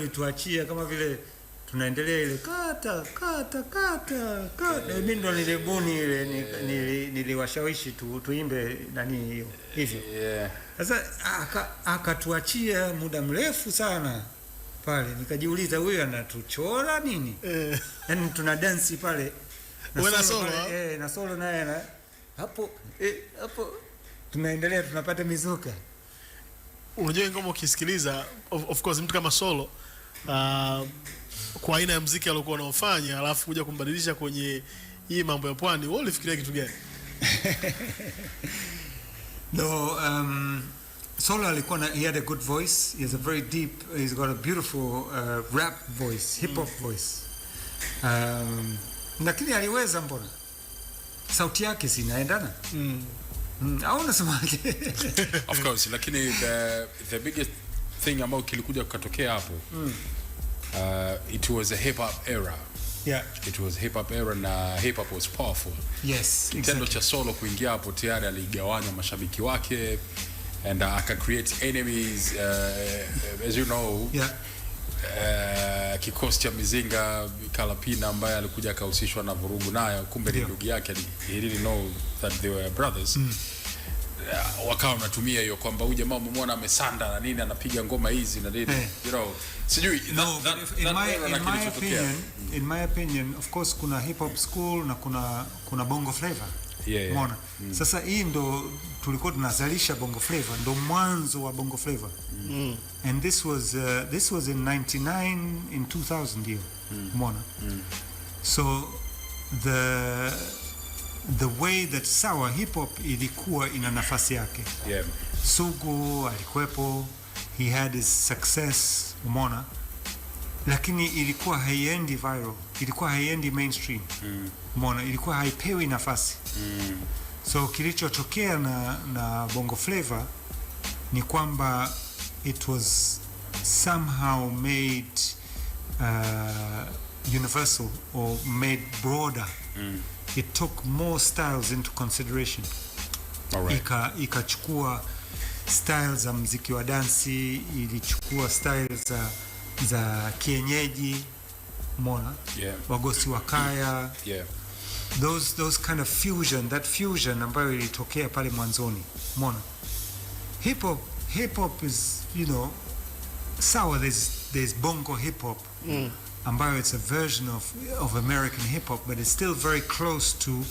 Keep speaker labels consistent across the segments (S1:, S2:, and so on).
S1: ni tuachie kama vile tunaendelea ile kata kata kata kata. Mimi ndo nilibuni ile, niliwashawishi tu tuimbe nani hiyo hivyo. Sasa akatuachia muda mrefu sana pale, nikajiuliza huyu anatuchora nini? Eh. Yani tuna dansi pale na solo ah? eh, na solo naye na hapo eh, hapo, tunaendelea tunapata mizuka.
S2: Unajua ngoma ukisikiliza, of course mtu kama solo uh, kwa aina ya mziki aliokuwa anaofanya, alafu kuja kumbadilisha kwenye hii mambo ya pwani, wewe ulifikiria kitu gani?
S1: No, um, Solo alikuwa na, he had a good voice. He has a very deep, he's got a beautiful uh, rap voice, mm. hip hop mm. voice. Um, lakini aliweza mbona? Sauti yake si inaendana. Mm. Mm, au unasemaje?
S3: Of course, lakini the the biggest thing ambayo kilikuja kukatokea hapo mm. uh, it was a hip hop era Yeah. It was hip hop era na hip hop was powerful.
S1: Yes, kitendo exactly.
S3: cha Solo kuingia hapo tayari aligawanya mashabiki wake and uh, aka create enemies uh, uh as you know. Yeah. Uh, kikosi cha Mizinga Kalapina ambaye alikuja akahusishwa na vurugu nayo, kumbe ni ndugu yake, he didn't know that they were brothers. Mm. Eh, wakawa wanatumia hiyo kwamba huyu jamaa umemwona amesanda na nini anapiga ngoma hizi na nini hey. Eh. you know sijui
S1: no, that, in, my, in, my opinion, mm. in my opinion of course kuna hip hop school na kuna kuna bongo flavor yeah, yeah. mm. Sasa hii ndo tulikuwa tunazalisha bongo flavor, ndo mwanzo wa bongo flavor mm. mm. and this was uh, this was in 99 in 2000 hiyo mm. Mona mm. so the the way that sawa hip hop ilikuwa ina nafasi yake yeah. Sugu alikuwepo, he had his success, umona lakini ilikuwa haiendi viral, ilikuwa haiendi mainstream mm. umona ilikuwa haipewi nafasi mm. So kilichotokea na, na Bongo flavor ni kwamba it was somehow made uh, universal or made broader mm it took more styles into consideration right. Ika, style za mziki wa dansi, ilichukua style za, za kienyeji mona yeah. Wagosi wa kaya yeah. Those, those kind of fusion, that fusion ambayo ilitokea pale mwanzoni mona hip hop, hip hop is you know sawa, there's, there's bongo hip hop mm ambayo it's a version of, of American hip hop but it's still very close to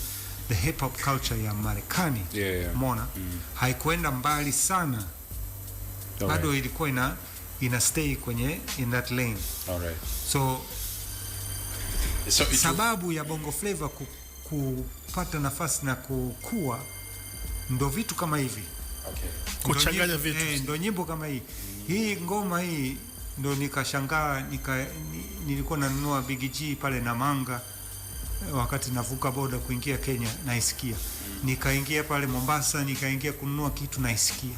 S1: the hip hop culture ya Marekani yeah, yeah. Mona mm. haikuenda mbali sana bado right. ilikuwa ina ina stay kwenye in that lane All right. so, so sababu ya Bongo flavor ku, kupata nafasi na kukua ndo vitu kama hivi
S3: okay.
S2: kuchanganya vitu
S1: eh, ndo nyimbo kama hii mm. hii ngoma hii ndo nikashangaa nika, nilikuwa nanunua Big G pale manga eh, wakati navuka boda kuingia Kenya, naisikia. Mm. Nikaingia pale Mombasa, nikaingia kununua kitu, naisikia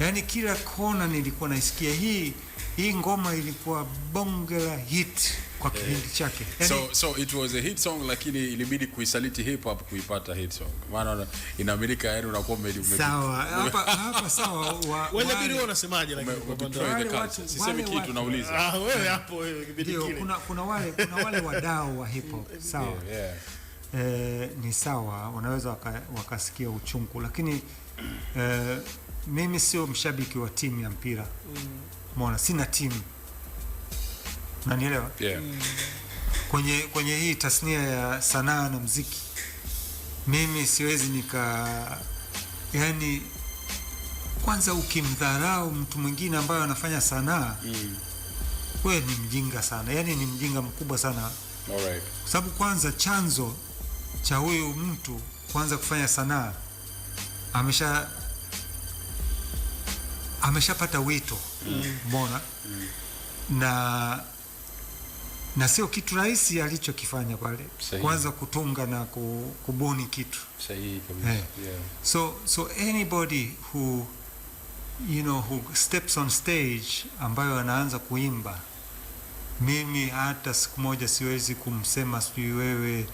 S1: yaani kila kona nilikuwa naisikia hii hii ngoma ilikuwa bonge la hit kwa eh. kipindi yeah. chake
S3: yani, so, so it was a hit song lakini ilibidi kuisaliti hip hop kuipata hit song maana inaaminika yani unakuwa umedi
S1: sawa hapa hapa sawa
S2: wewe bidi wewe unasemaje
S3: lakini kwa sisemi kitu nauliza
S2: ah wewe hmm. hapo wewe
S1: kipindi kile kuna kuna wale kuna wale wadau wa hip hop sawa yeah, yeah. Eh, ni sawa wanaweza wakasikia waka uchungu lakini eh, mimi sio mshabiki wa timu ya mpira mona, sina timu, nanielewa yeah. Mm. Kwenye, kwenye hii tasnia ya sanaa na mziki mimi siwezi nika yani, kwanza ukimdharau mtu mwingine ambayo anafanya sanaa mm. we ni mjinga sana, yani ni mjinga mkubwa sana kwa sababu kwanza chanzo cha huyu mtu kwanza kufanya sanaa amesha ameshapata wito mbona mm. mm. na na sio kitu rahisi alichokifanya pale, kwanza kutunga na kubuni kitu
S3: sahihi yeah. yeah.
S1: so so anybody who you know who steps on stage ambayo anaanza kuimba, mimi hata siku moja siwezi kumsema sijui wewe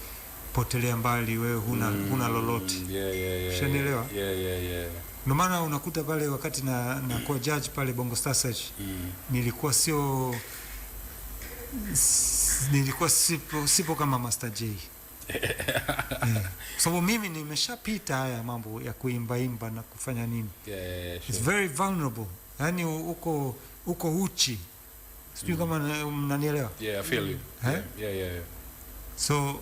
S1: potelea mbali, wewe huna, mm. huna lolote mm, yeah, yeah, yeah, shanielewa
S3: yeah, yeah, yeah.
S1: Ndio maana unakuta pale wakati na na kwa judge pale Bongo Star Search mm. nilikuwa sio nilikuwa sipo, sipo kama Master J yeah. Sababu mimi nimeshapita haya mambo ya kuimba imba na kufanya nini
S3: yeah, yeah, sure.
S1: It's very vulnerable, yaani uko uko uchi sijui mm. kama mnanielewa
S3: yeah, I feel you. Yeah, yeah, yeah, yeah.
S1: so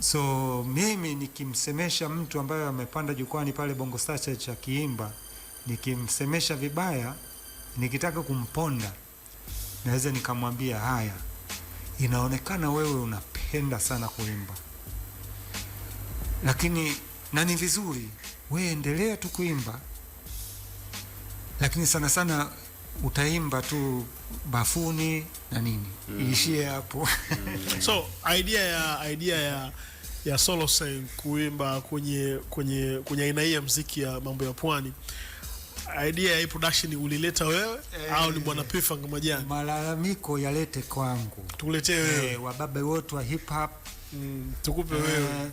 S1: So mimi nikimsemesha mtu ambaye amepanda jukwani pale Bongo Star Church akiimba, nikimsemesha vibaya, nikitaka kumponda, naweza nikamwambia haya, inaonekana wewe unapenda sana kuimba, lakini na ni vizuri, wewe endelea tu kuimba, lakini sana sana utaimba tu bafuni na nini mm. Iishie hapo
S2: mm. So idea ya idea ya ya solo sang kuimba kwenye kwenye kwenye aina hii ya mziki ya mambo ya pwani, idea ya hii production ulileta wewe eh, au ni bwana eh, Pifa Ngomajani?
S1: Malalamiko yalete kwangu,
S2: tuletee eh, wewe e,
S1: wababe wote wa hip hop
S2: mm, tukupe eh, wewe eh,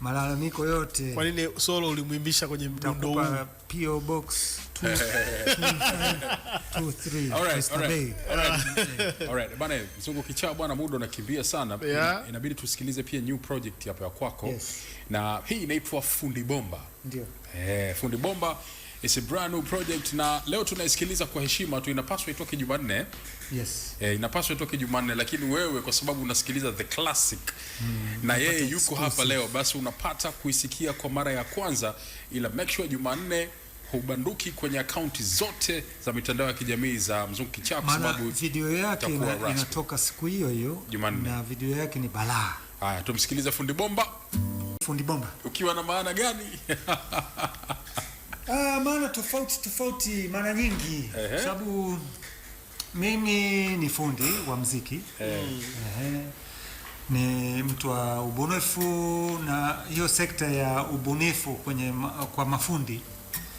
S1: malalamiko yote.
S2: Kwa nini solo ulimwimbisha kwenye
S1: mdundo huu? PO box two, two, three. All right, all right, all
S3: right, all right. Bana mzungu kicha bwana, muda unakimbia sana yeah. Inabidi tusikilize pia new project hapo ya kwako yes. Na hii inaitwa Fundi Bomba ndio. Eh, Fundi Bomba is a brand new project na leo tunaisikiliza kwa heshima tu. Inapaswa itoke Jumanne yes. Eh, inapaswa itoke Jumanne, lakini wewe kwa sababu unasikiliza the classic mm, na yeye yuko hapa leo, basi unapata kuisikia kwa mara ya kwanza, ila make sure Jumanne haubanduki kwenye akaunti zote za mitandao ya kijamii za Mzungu Kichaa,
S1: sababu video yake ina, inatoka siku hiyo hiyo na video yake ni balaa.
S3: Haya, tumsikilize fundi bomba. Fundi bomba, ukiwa na maana gani?
S1: Ah, maana tofauti tofauti maana nyingi kwa sababu mimi ni fundi wa mziki ni mtu wa ubunifu na hiyo sekta ya ubunifu kwenye kwa mafundi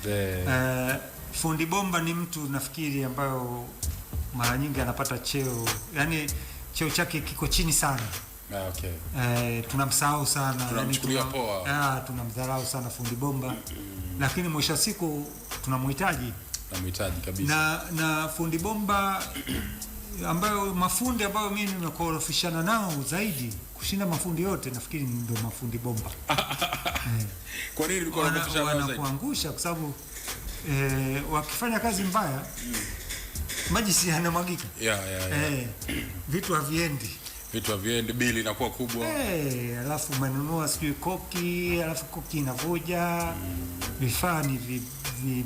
S1: Uh, fundi bomba ni mtu nafikiri ambayo mara nyingi anapata cheo, yani cheo chake kiko chini sana. Ah, okay. Eh, tunamsahau sana yaani ah, tunamdharau tuna sana fundi bomba mm -hmm. Lakini mwisho wa siku tunamhitaji na, na fundi bomba ambayo mafundi ambayo mimi nimekorofishana nao zaidi kushinda mafundi yote, nafikiri ndio mafundi bomba Kwa nini ulikuwa unafishana nao zaidi? Wanakuangusha kwa sababu e, wakifanya kazi mbaya maji si yanamwagika yeah, yeah, yeah. E, vitu haviendi
S3: vitu haviendi, bili inakuwa kubwa
S1: hey, eh, alafu umenunua sijui koki, alafu koki inavuja, mm. vifaa mm. ni ni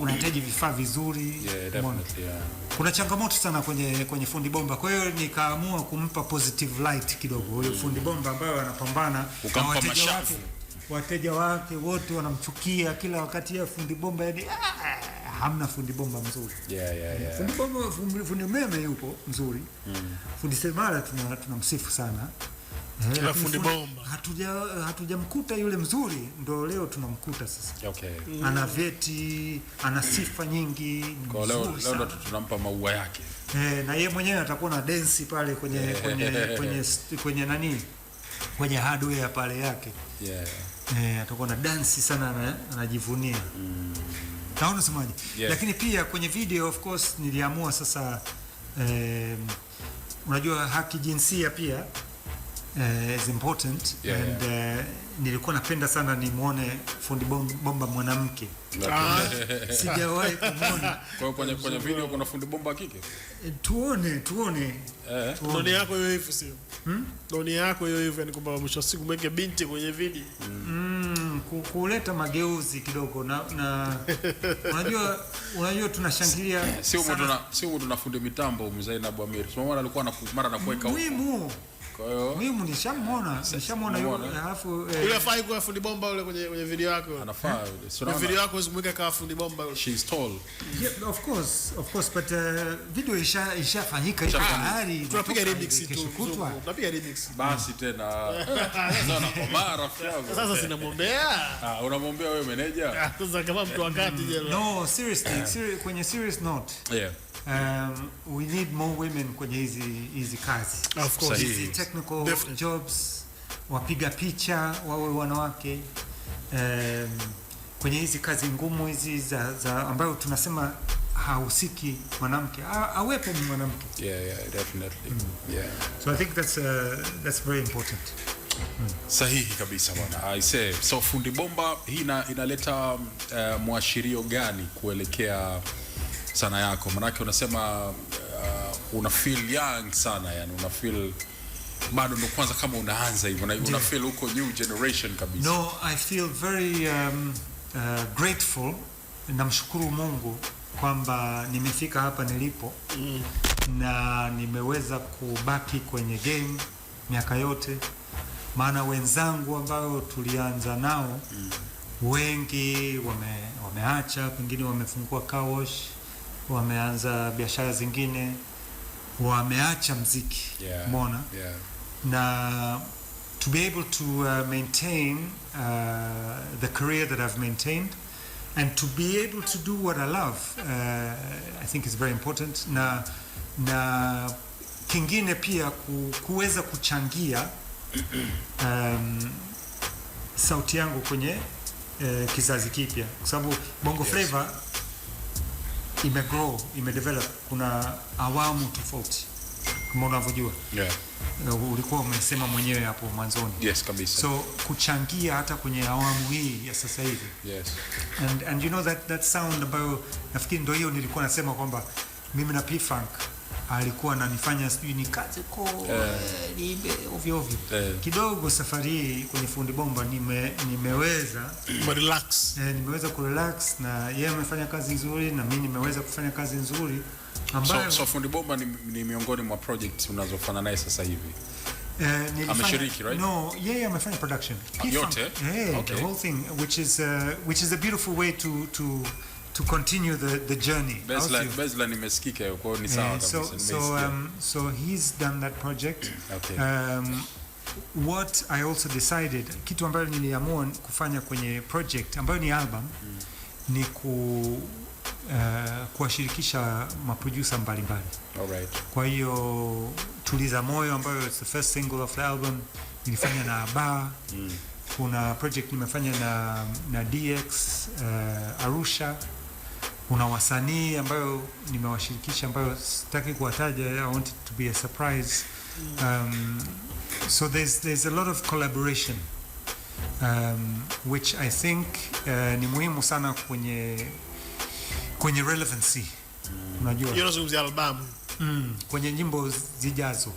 S1: unahitaji vifaa vizuri
S3: yeah, yeah.
S1: Kuna changamoto sana kwenye kwenye fundi bomba, kwa hiyo nikaamua kumpa positive light kidogo huyo mm. Fundi bomba ambayo anapambana
S3: na wateja wake,
S1: wateja wake wote wanamchukia kila wakati, ya fundi bomba yani ah, hamna fundi bomba mzuri
S3: yeah, yeah, yeah.
S1: Fundi bomba, fundi umeme yuko mzuri mm. Fundi seremala tunamsifu tuna sana
S2: kila fundi bomba
S1: hatujamkuta yule mzuri, ndo leo tunamkuta sasa. Okay. Mm. Ana vyeti, ana sifa nyingi,
S3: kwa leo leo tunampa maua yake
S1: eh, na yeye mwenyewe atakuwa na densi pale kwenye yeah. kwenye kwenye kwenye nani kwenye hardware pale yake yeah. Eh, atakuwa na dansi sana, anajivunia mm. Naona semaje? Yeah. Lakini pia kwenye video of course niliamua sasa eh, unajua haki jinsia pia Uh, is important yeah, and yeah. Uh, nilikuwa napenda sana nimwone fundi bomba mwanamke ah, sijawahi kumwona.
S3: Kwa hiyo kwenye kwenye video kuna fundi bomba kike,
S1: eh, tuone eh, tuone
S2: doni yako hiyo hivi, sio hmm? doni yako hiyo hivi, ni kwamba mwisho wa siku mweke binti kwenye video
S1: mm, kuleta mageuzi kidogo na, na unajua unajua tunashangilia
S3: sio, mtu tuna sio, mtu tuna fundi mitambo mzee na Bwamiri, sio mara alikuwa anafumara na kuweka
S1: mwimbo kwa mimi nishamwona, nishamwona
S2: alafu eh, yule afai kwa fundi bomba yule kwenye kwenye video yako.
S3: Anafaa yule.
S2: Sio video yako usimweke kama fundi bomba
S3: She is tall.
S1: Yeah, of course, of course, but uh, video isha ishafanyika hiyo tayari.
S2: Tunapiga remix tu. Tunapiga remix.
S3: Basi tena. Sasa na koma rafiki yangu.
S2: Sasa sinamwombea.
S3: Ah, unamwombea wewe meneja? Ah,
S2: sasa kama mtu wakati mm. je.
S1: No, seriously kwenye serious note. Yeah. Um, we need more women kwenye hizi hizi kazi. Of course. so Hizi technical Definitely. jobs, wapiga picha wawe wanawake. Um, kwenye hizi kazi ngumu hizi za, za ambayo tunasema hausiki mwanamke awepo ni mwanamke.
S3: Yeah, yeah, definitely. Mm. Yeah.
S1: So I think that's uh, that's very important.
S3: Hmm. Sahihi kabisa bwana. I say so fundi bomba hii inaleta um, uh, mwashirio gani kuelekea sana yako, manake unasema uh, una feel young sana yani, una feel bado ndo kwanza kama unaanza hivyo na una feel huko new generation kabisa.
S1: No, I feel very um, uh, grateful. Namshukuru Mungu kwamba nimefika hapa nilipo mm. na nimeweza kubaki kwenye game miaka yote, maana wenzangu ambao tulianza nao mm. wengi wame, wameacha pengine wamefungua kawosh wameanza biashara zingine, wameacha mziki
S3: yeah, mona yeah.
S1: na to be able to uh, maintain uh, the career that I've maintained and to be able to do what I love uh, I think is very important na, na kingine pia ku, kuweza kuchangia um, sauti yangu kwenye uh, kizazi kipya kwa sababu Bongo yes. Flavor imegrow imedevelop, kuna awamu tofauti kama unavyojua yeah. Ulikuwa umesema mwenyewe hapo mwanzoni yes, So kuchangia hata kwenye awamu hii ya sasa hivi yes. And, and you know that, that sound ambayo nafikiri ndo hiyo nilikuwa nasema kwamba mimi na P-Funk alikuwa ananifanya sijui nikaze ko niibe eh, ovyo ovyo eh. Kidogo safari hii kwenye fundi bomba nime, nimeweza
S3: relax
S1: eh, nimeweza ku relax na yeye amefanya kazi nzuri na mimi nimeweza kufanya kazi nzuri
S3: ambayo so, so fundi bomba ni, ni miongoni mwa projects unazofanya naye sasa hivi. Uh, ameshiriki right?
S1: No, yeye amefanya production.
S3: Yote? eh, okay.
S1: The whole thing which is uh, which is a beautiful way to to to continue the the journey.
S3: Bezla nimesikika hiyo kwao ni eh, sawa kabisa.
S1: So so um, so he's done that project. Okay. Um, what I also decided, kitu ambayo niliamua kufanya kwenye project ambayo ni album mm. ni ku Uh, kuwashirikisha maproducer mbalimbali. Alright. Kwa hiyo Tuliza Moyo ambayo it's the first single of the album nilifanya na Aba. Mm. Kuna project nimefanya na na DX uh, eh, Arusha kuna wasanii ambayo nimewashirikisha ambayo sitaki kuwataja, I want it to be a surprise. Um, so there's, there's a lot of collaboration um, which I think uh, ni muhimu sana kwenye kwenye relevancy,
S2: unajua unazungumzia albamu
S1: mm, kwenye nyimbo zijazo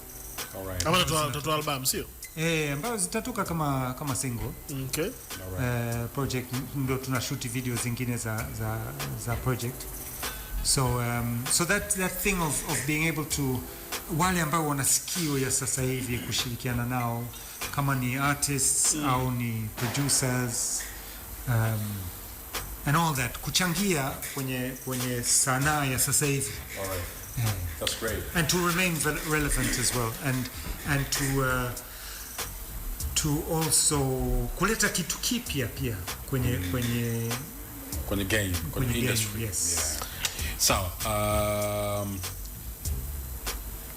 S1: Eh, ambazo zitatoka kama kama single. Okay. Uh, project ndo tuna shoot video zingine za za za project. So um, so that that thing of of being able to wale ambao wana skill ya sasa hivi kushirikiana nao kama ni artists mm. au ni producers um, and all that kuchangia kwenye kwenye sanaa ya sasa hivi.
S3: right. That's great.
S1: And to remain relevant as well, and and to uh, to also kuleta kitu kipya pia kwenye mm. kwenye
S3: kwenye game kwenye, kwenye industry game, yes. Yeah. Sawa, so, um,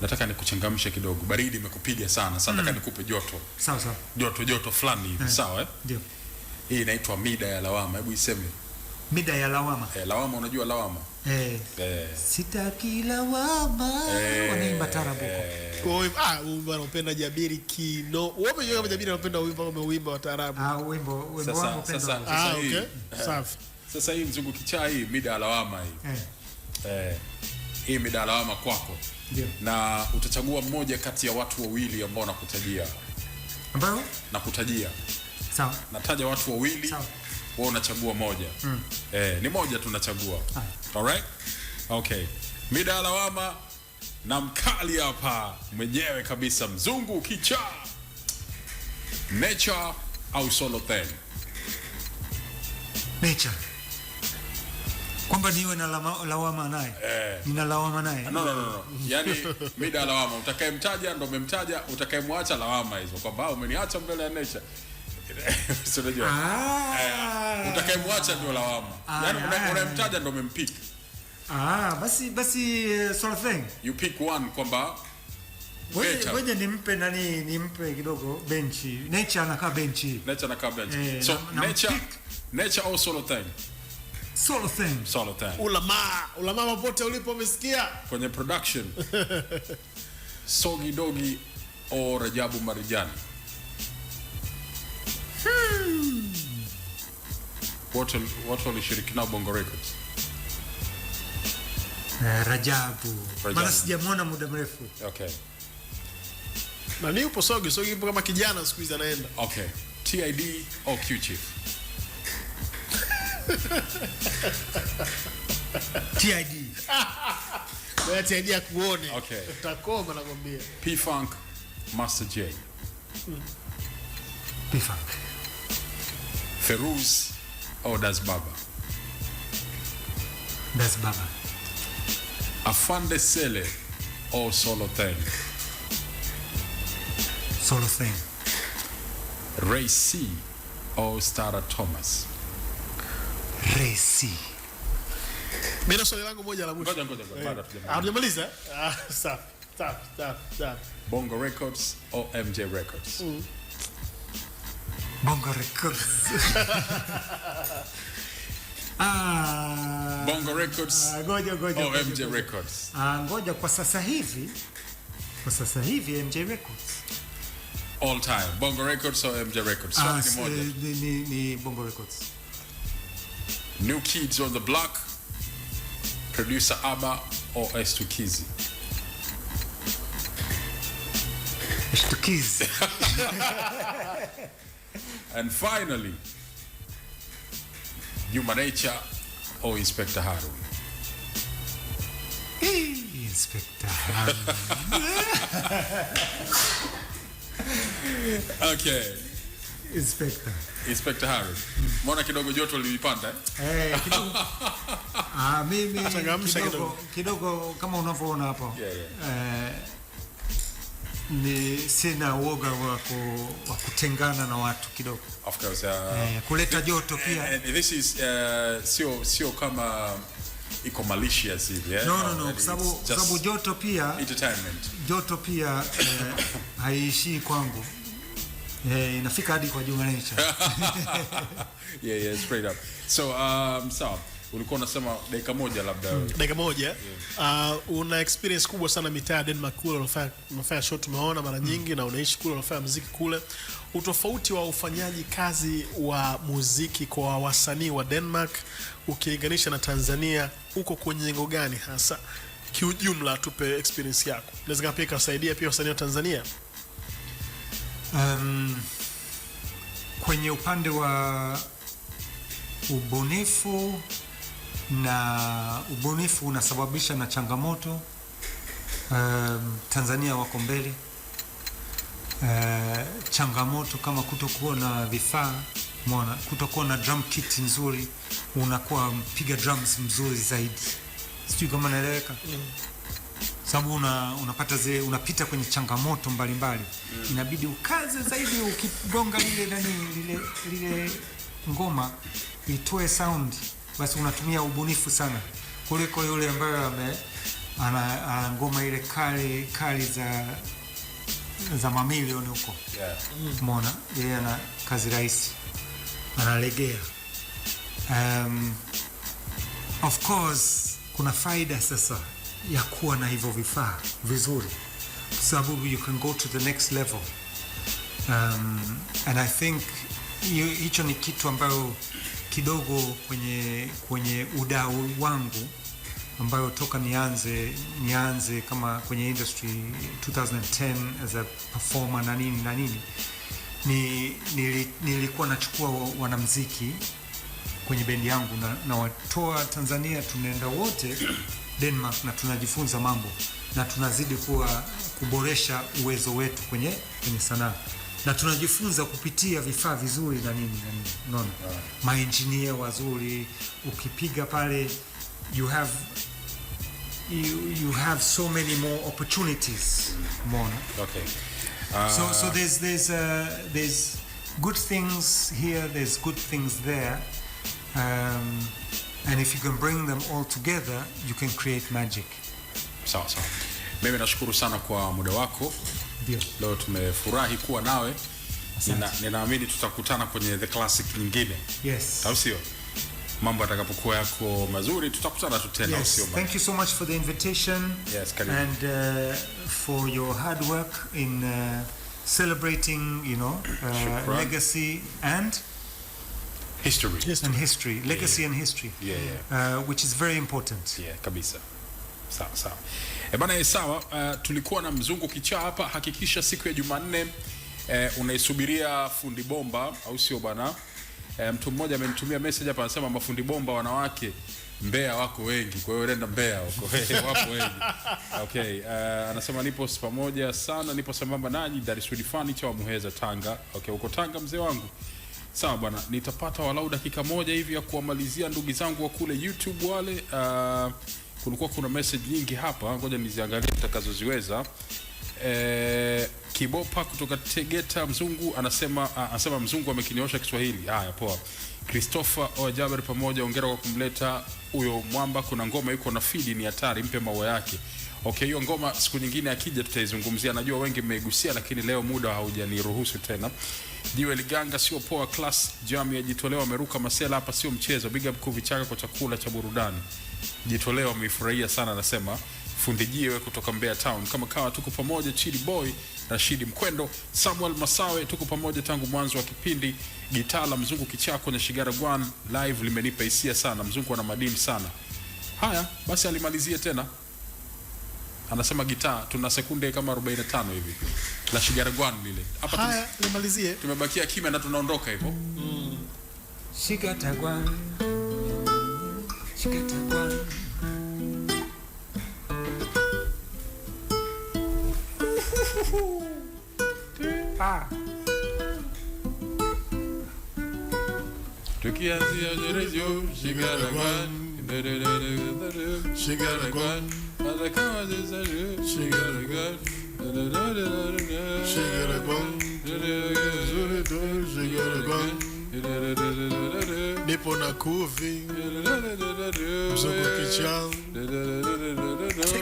S3: nataka nikuchangamshe kidogo, baridi imekupiga sana sasa, nataka mm. nikupe joto. Sawa sawa, joto joto fulani hivi, eh, sawa eh? Ndio, hii inaitwa mida ya lawama, hebu iseme
S1: Mida ya lawama.
S3: Eh, lawama unajua lawama.
S1: Eh. Eh. Sitaki lawama. Eh. Wanaimba tarabu. Eh.
S2: ah, wewe Jabiri Kino. Wewe kama Jabiri anapenda wimbo kama wimbo wa tarabu.
S1: Ah, wimbo wimbo wangu
S3: pendwa. Sasa ah, okay. Eh. Safi. Sasa hii mzungu kichaa hii mida ya lawama hii. Eh. Eh. Hii mida ya lawama kwako. Yeah. Na utachagua mmoja kati ya watu wawili ambao nakutajia. Ambao? Nakutajia. Sawa. Nataja watu wawili. Sawa wewe unachagua moja mm. Eh, ni moja tu nachagua. Alright? Okay. Mida ya lawama na mkali hapa mwenyewe kabisa mzungu kicha Nature au Solo ten
S1: Nature. Kwamba niwe na lawama naye. Eh. Nina lawama naye. No,
S3: no, no, no. Yaani mida lawama utakayemtaja ndo umemtaja, utakayemwacha lawama hizo kwamba ah, umeniacha mbele ya Nature.
S1: Ah. Eh,
S3: utakaemwacha ndio lawama. Ah, yaani unamtaja ndio
S1: ah, basi basi eh, sort
S3: You pick one kwamba
S1: Ngoja nimpe nani nimpe kidogo benchi. Nature anakaa benchi.
S3: Nature benchi. Eh, so nature nature au solo Solo Solo
S2: Ulama, ulama popote ulipo umesikia?
S3: Kwenye production. Sogi dogi au Rajabu Marijani.
S1: Hmm.
S3: Watu walishiriki Bongo Records.
S1: Eh, Rajabu. sijamwona muda mrefu.
S3: Okay.
S2: Na ni upo sogi sogi kama kijana siku hizi anaenda.
S3: Okay. TID
S1: TID.
S2: Wewe Okay. Utakoma nakwambia.
S3: P Funk, Master J. P Funk. Feruz or Das Baba? Das Baba. Afande Sele or Solo Thing? Solo Thing. Ray C or Stara Thomas?
S1: Ray C.
S2: Mimi swali langu moja la mwisho.
S3: Ngoja ngoja baada
S2: ya. Hamjamaliza? Eh, ah, safi. Safi, safi, safi.
S3: Bongo Records or MJ Records? Mm.
S1: Bongo Records. ah,
S3: Bongo Records. Ah, goja, goja, oh, MJ goja. Records.
S1: Ah, goja kwa sasa hivi. Kwa sasa hivi MJ Records.
S3: All time. Bongo Records or MJ Records? Ah,
S1: ni, ni, ni Bongo Records.
S3: New Kids on the Block. Producer Abba au Estukizi?
S1: Estukizi.
S3: And finally, Juma Nature or oh, Inspector Harun?
S1: Hey, Inspector Harun. Okay. Inspector.
S3: Inspector Harun. Mbona kidogo joto lilipanda
S1: eh? Eh, kidogo. Ah, mimi kidogo, kidogo kama unavyoona hapo. Yeah, yeah. Eh, ni sina uoga wa ku, wa kutengana na watu kidogo. Of course, uh, eh, kuleta joto eh, pia. And,
S3: eh, and This is uh, sio sio kama iko malicious hivi yeah?
S1: No, no, no, kwa sababu joto pia
S3: entertainment.
S1: Joto pia eh, haiishii kwangu. Eh, inafika hadi kwa Juma Nature.
S3: Yeah, yeah, straight up. So, um, so ulikuwa unasema dakika moja labda
S2: dakika moja yeah. Uh, una experience kubwa sana mitaa ya Denmark kule, unafanya unafanya show tumeona mara nyingi mm. na unaishi kule, unafanya muziki kule. Utofauti wa ufanyaji kazi wa muziki kwa wasanii wa Denmark ukilinganisha na Tanzania uko kwenye engo gani hasa? Kiujumla tupe experience yako, naweza kama pia ikawasaidia pia wasanii wa Tanzania.
S1: Um, kwenye upande wa ubunifu na ubunifu unasababisha na changamoto. Um, Tanzania wako mbele. Uh, changamoto kama kutokuwa na vifaa mwana, kutokuwa na drum kit nzuri, unakuwa mpiga drums mzuri zaidi, sijui kama naeleweka mm. Sababu una, unapata zile unapita kwenye changamoto mbalimbali mbali. Mm. Inabidi ukaze zaidi ukigonga lile nani lile, lile ngoma itoe sound basi unatumia ubunifu sana kuliko yule ambayo ame ana, ana ngoma ile kali kali za za mamilioni huko yeah. Mona yeye ana kazi rahisi, analegea. Um, of course kuna faida sasa ya kuwa na hivyo vifaa vizuri, kwa sababu you can go to the next level um, and I think hicho ni kitu ambayo kidogo kwenye, kwenye udau wangu ambayo toka nianze nianze kama kwenye industry 2010 as a performer na nini na nini ni, nili, nilikuwa nachukua wanamziki kwenye bendi yangu na, na watoa Tanzania, tunaenda wote Denmark na tunajifunza mambo na tunazidi kuwa kuboresha uwezo wetu kwenye, kwenye sanaa na tunajifunza kupitia vifaa vizuri na nini na nini, unaona yeah. maengineer wazuri. Ukipiga pale you have you, you have so many more opportunities, umeona? Okay. Uh, so so there's there's uh, there's good things here, there's good things there. Um, and if you can bring them all together, you can create magic.
S3: Sawa sawa. Mimi nashukuru sana kwa muda wako. Ndio. Leo tumefurahi kuwa nawe. Nina, ninaamini tutakutana kwenye the classic nyingine. Yes. Au sio? Mambo atakapokuwa yako mazuri tutakutana tu tena, yes.
S1: Thank you so much for the invitation. Yes, karibu. And uh, for your hard work in uh, celebrating, you know, uh, legacy and history. History. And history. Legacy yeah. and history. Yeah, yeah. Uh, which is very important.
S3: Yeah, kabisa sawa sawa. E bana, e sawa. Uh, tulikuwa na mzungu kichaa hapa. Hakikisha siku ya Jumanne uh, unaisubiria fundi bomba, au sio bana? Uh, mtu mmoja amenitumia message hapa anasema mafundi bomba wanawake Mbeya wako wengi, kwa hiyo nenda Mbeya huko wapo wengi okay. Uh, anasema nipo pamoja sana, nipo sambamba nanyi Dar es Salaam fani cha Muheza Tanga. Okay, uko Tanga mzee wangu. Sawa bwana, nitapata walau dakika moja hivi ya kuwamalizia ndugu zangu wa kule YouTube wale uh, kulikuwa kuna message nyingi hapa, ngoja niziangalie nitakazoziweza. E, Kibopa kutoka Tegeta Mzungu anasema a, anasema Mzungu amekiniosha Kiswahili. Haya, poa. Christopher Ojaber pamoja, ongera kwa kumleta huyo mwamba. Kuna ngoma yuko na fidi ni hatari, mpe maua yake. Okay, hiyo ngoma siku nyingine akija tutaizungumzia. Najua wengi mmeigusia, lakini leo muda haujaniruhusu tena. Jiwe Liganga, sio poa. Class jam yajitolewa, ameruka masela hapa, sio mchezo. Big up Kuvichaka kwa chakula cha burudani. Jitoleo ameifurahia sana, anasema fundi jiwe kutoka Mbeya Town, kama kawa tuko pamoja, Chidi Boy, Rashidi Mkwendo, Samuel Masawe, tuko pamoja tangu mwanzo wa kipindi. Gitaa la mzungu kichako na Shigara Gwan live limenipa hisia sana, mzungu ana madini sana. Haya basi, alimalizia tena anasema gitaa, tuna sekunde kama 45 hivi la Shigara Gwan lile
S1: hapa. Haya tum... limalizie
S3: tumebakia kimya na tunaondoka hivyo.
S1: mm. Shigara Gwan, Shigara Gwan Ah.
S3: Turkey has the radio, she got a gun. She got a gun. And the cause is a she got a gun. She got a gun. She got a gun. Nipo na kuvi Mzungu kichao